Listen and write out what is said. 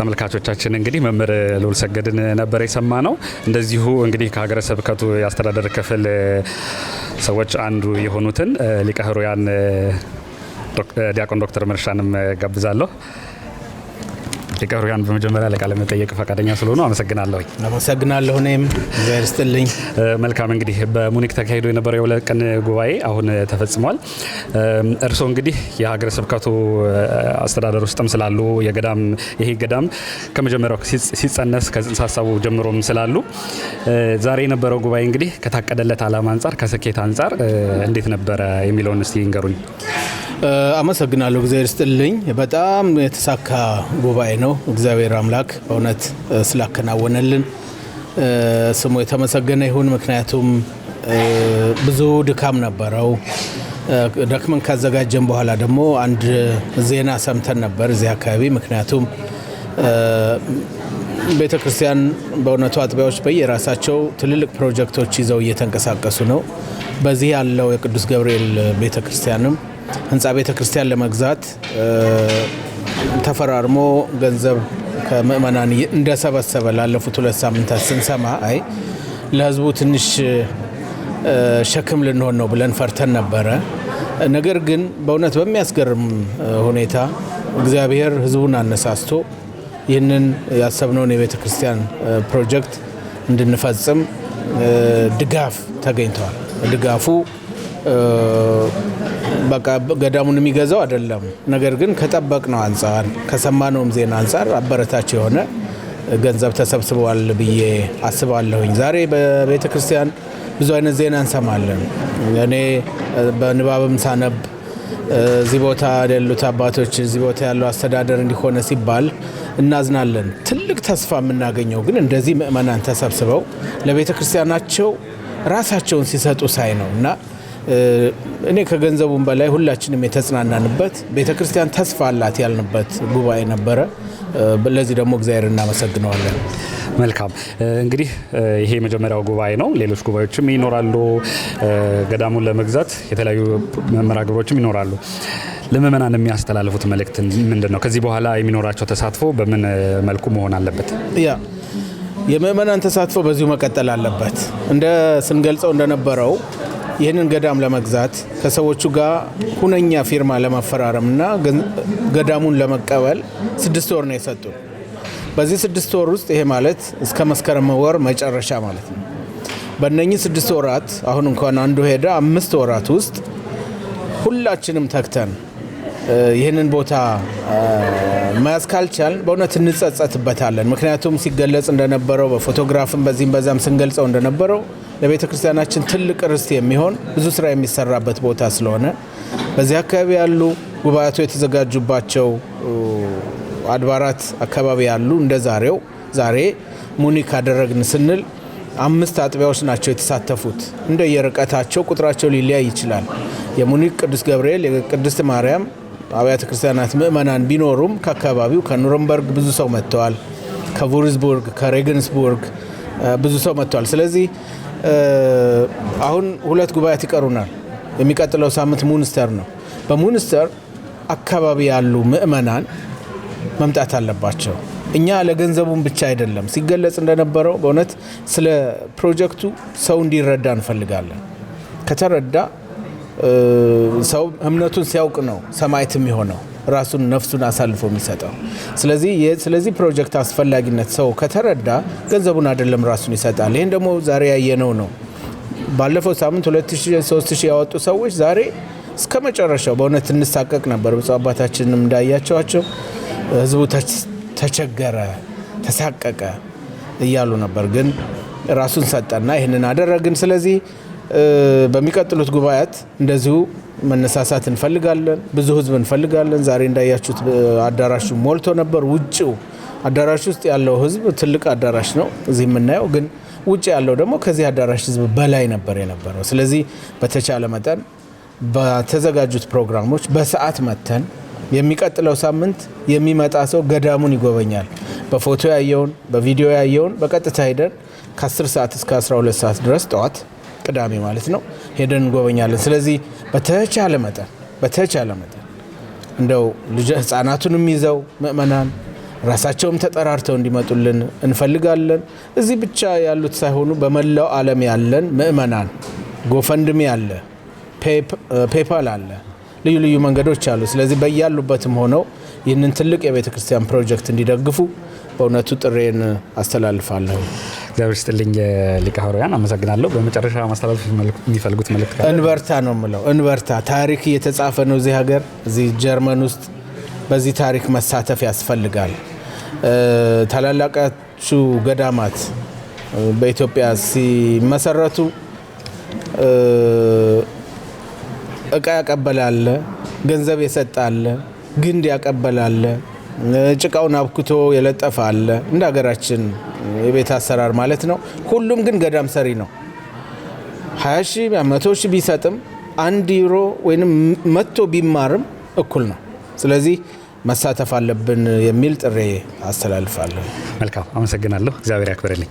ተመልካቾቻችን እንግዲህ መምህር ልዑል ሰገድን ነበር የሰማ ነው። እንደዚሁ እንግዲህ ከሀገረ ስብከቱ የአስተዳደር ክፍል ሰዎች አንዱ የሆኑትን ሊቀ ሕሩያን ዲያቆን ዶክተር መርሻንም ጋብዛለሁ። ሊቀብርያን በመጀመሪያ ለቃለ መጠየቅ ፈቃደኛ ስለሆኑ አመሰግናለሁ። አመሰግናለሁ እኔም እግዚአብሔር ይስጥልኝ። መልካም እንግዲህ በሙኒክ ተካሂዶ የነበረው የሁለት ቀን ጉባኤ አሁን ተፈጽሟል። እርስዎ እንግዲህ የሀገረ ስብከቱ አስተዳደር ውስጥም ስላሉ የገዳም ይሄ ገዳም ከመጀመሪያው ሲጸነስ ከጽንሰ ሀሳቡ ጀምሮም ስላሉ ዛሬ የነበረው ጉባኤ እንግዲህ ከታቀደለት ዓላማ አንጻር ከስኬት አንጻር እንዴት ነበረ የሚለውን እስቲ ይንገሩኝ። አመሰግናለሁ። እግዚአብሔር ስጥልኝ። በጣም የተሳካ ጉባኤ ነው። እግዚአብሔር አምላክ በእውነት ስላከናወነልን ስሙ የተመሰገነ ይሁን። ምክንያቱም ብዙ ድካም ነበረው። ደክመን ካዘጋጀን በኋላ ደግሞ አንድ ዜና ሰምተን ነበር እዚህ አካባቢ ምክንያቱም ቤተ ክርስቲያን በእውነቱ አጥቢያዎች በየራሳቸው ትልልቅ ፕሮጀክቶች ይዘው እየተንቀሳቀሱ ነው። በዚህ ያለው የቅዱስ ገብርኤል ቤተ ክርስቲያንም ህንፃ ቤተ ክርስቲያን ለመግዛት ተፈራርሞ ገንዘብ ከምእመናን እንደሰበሰበ ላለፉት ሁለት ሳምንታት ስንሰማ አይ ለህዝቡ ትንሽ ሸክም ልንሆን ነው ብለን ፈርተን ነበረ። ነገር ግን በእውነት በሚያስገርም ሁኔታ እግዚአብሔር ህዝቡን አነሳስቶ ይህንን ያሰብነውን የቤተ ክርስቲያን ፕሮጀክት እንድንፈጽም ድጋፍ ተገኝተዋል። ድጋፉ በቃ ገዳሙን የሚገዛው አይደለም። ነገር ግን ከጠበቅነው አንጻር ከሰማነውም ዜና አንጻር አበረታች የሆነ ገንዘብ ተሰብስበዋል ብዬ አስባለሁኝ። ዛሬ በቤተ ክርስቲያን ብዙ አይነት ዜና እንሰማለን። እኔ በንባብም ሳነብ እዚህ ቦታ ያሉት አባቶች እዚህ ቦታ ያለው አስተዳደር እንዲሆነ ሲባል እናዝናለን። ትልቅ ተስፋ የምናገኘው ግን እንደዚህ ምእመናን ተሰብስበው ለቤተ ክርስቲያናቸው ራሳቸውን ሲሰጡ ሳይ ነው እና እኔ ከገንዘቡም በላይ ሁላችንም የተጽናናንበት ቤተ ክርስቲያን ተስፋ አላት ያልንበት ጉባኤ ነበረ። ለዚህ ደግሞ እግዚአብሔር እናመሰግነዋለን። መልካም እንግዲህ ይሄ የመጀመሪያው ጉባኤ ነው። ሌሎች ጉባኤዎችም ይኖራሉ። ገዳሙን ለመግዛት የተለያዩ መርሃ ግብሮችም ይኖራሉ። ለምእመናን የሚያስተላልፉት መልእክት ምንድን ነው? ከዚህ በኋላ የሚኖራቸው ተሳትፎ በምን መልኩ መሆን አለበት? ያ የምእመናን ተሳትፎ በዚሁ መቀጠል አለበት። እንደ ስንገልጸው እንደነበረው ይህንን ገዳም ለመግዛት ከሰዎቹ ጋር ሁነኛ ፊርማ ለመፈራረም እና ገዳሙን ለመቀበል ስድስት ወር ነው የሰጡ። በዚህ ስድስት ወር ውስጥ ይሄ ማለት እስከ መስከረም ወር መጨረሻ ማለት ነው። በእነኚህ ስድስት ወራት አሁን እንኳን አንዱ ሄደ፣ አምስት ወራት ውስጥ ሁላችንም ተግተን ይህንን ቦታ መያዝ ካልቻል በእውነት እንጸጸትበታለን። ምክንያቱም ሲገለጽ እንደነበረው በፎቶግራፍም በዚህም በዛም ስንገልጸው እንደነበረው ለቤተ ክርስቲያናችን ትልቅ ርስት የሚሆን ብዙ ስራ የሚሰራበት ቦታ ስለሆነ በዚህ አካባቢ ያሉ ጉባኤቱ የተዘጋጁባቸው አድባራት አካባቢ ያሉ እንደ ዛሬው ዛሬ ሙኒክ አደረግን ስንል አምስት አጥቢያዎች ናቸው የተሳተፉት። እንደየርቀታቸው ቁጥራቸው ሊለያይ ይችላል። የሙኒክ ቅዱስ ገብርኤል፣ የቅድስት ማርያም አብያተ ክርስቲያናት ምእመናን ቢኖሩም ከአካባቢው ከኑረምበርግ ብዙ ሰው መጥተዋል። ከቮርዝቡርግ ከሬግንስቡርግ ብዙ ሰው መጥተዋል። ስለዚህ አሁን ሁለት ጉባኤት ይቀሩናል። የሚቀጥለው ሳምንት ሙንስተር ነው። በሙንስተር አካባቢ ያሉ ምእመናን መምጣት አለባቸው። እኛ ለገንዘቡን ብቻ አይደለም ሲገለጽ እንደነበረው በእውነት ስለ ፕሮጀክቱ ሰው እንዲረዳ እንፈልጋለን ከተረዳ ሰው እምነቱን ሲያውቅ ነው ሰማይትም የሆነው ራሱን ነፍሱን አሳልፎ የሚሰጠው። ስለዚህ ስለዚህ ፕሮጀክት አስፈላጊነት ሰው ከተረዳ ገንዘቡን አይደለም ራሱን ይሰጣል። ይህን ደግሞ ዛሬ ያየነው ነው። ባለፈው ሳምንት 2300 ያወጡ ሰዎች ዛሬ እስከ መጨረሻው በእውነት እንሳቀቅ ነበር። ብፁዕ አባታችንም እንዳያቸዋቸው ህዝቡ ተቸገረ፣ ተሳቀቀ እያሉ ነበር። ግን ራሱን ሰጠና ይህንን አደረግን። ስለዚህ በሚቀጥሉት ጉባኤያት እንደዚሁ መነሳሳት እንፈልጋለን። ብዙ ህዝብ እንፈልጋለን። ዛሬ እንዳያችሁት አዳራሹ ሞልቶ ነበር። ውጭው አዳራሽ ውስጥ ያለው ህዝብ ትልቅ አዳራሽ ነው እዚህ የምናየው፣ ግን ውጭ ያለው ደግሞ ከዚህ አዳራሽ ህዝብ በላይ ነበር የነበረው። ስለዚህ በተቻለ መጠን በተዘጋጁት ፕሮግራሞች በሰዓት መተን የሚቀጥለው ሳምንት የሚመጣ ሰው ገዳሙን ይጎበኛል። በፎቶ ያየውን በቪዲዮ ያየውን በቀጥታ ሄደን ከ10 ሰዓት እስከ 12 ሰዓት ድረስ ጠዋት ቅዳሜ ማለት ነው ሄደን እንጎበኛለን። ስለዚህ በተቻለ መጠን በተቻለ መጠን እንደው ህጻናቱንም ይዘው ምእመናን ራሳቸውም ተጠራርተው እንዲመጡልን እንፈልጋለን። እዚህ ብቻ ያሉት ሳይሆኑ በመላው ዓለም ያለን ምእመናን ጎፈንድሚ አለ፣ ፔፓል አለ፣ ልዩ ልዩ መንገዶች አሉ። ስለዚህ በያሉበትም ሆነው ይህንን ትልቅ የቤተ ክርስቲያን ፕሮጀክት እንዲደግፉ በእውነቱ ጥሬን አስተላልፋለሁ። እግዚአብሔር ስጥልኝ ሊቀ ሐዋርያን አመሰግናለሁ። በመጨረሻ ማስተላለፍ የሚፈልጉት መልእክት? እንበርታ ነው የምለው። እንበርታ። ታሪክ እየተጻፈ ነው እዚህ ሀገር፣ እዚህ ጀርመን ውስጥ በዚህ ታሪክ መሳተፍ ያስፈልጋል። ታላላቃቹ ገዳማት በኢትዮጵያ ሲመሰረቱ እቃ ያቀበላለ፣ ገንዘብ የሰጣለ ግንድ ያቀበላለ ጭቃውን አብክቶ የለጠፈ አለ። እንደ ሀገራችን የቤት አሰራር ማለት ነው። ሁሉም ግን ገዳም ሰሪ ነው። 20 ሺህ 100 ቢሰጥም አንድ ዩሮ ወይም መቶ ቢማርም እኩል ነው። ስለዚህ መሳተፍ አለብን የሚል ጥሬ አስተላልፋለሁ። መልካም አመሰግናለሁ። እግዚአብሔር ያክብርልኝ።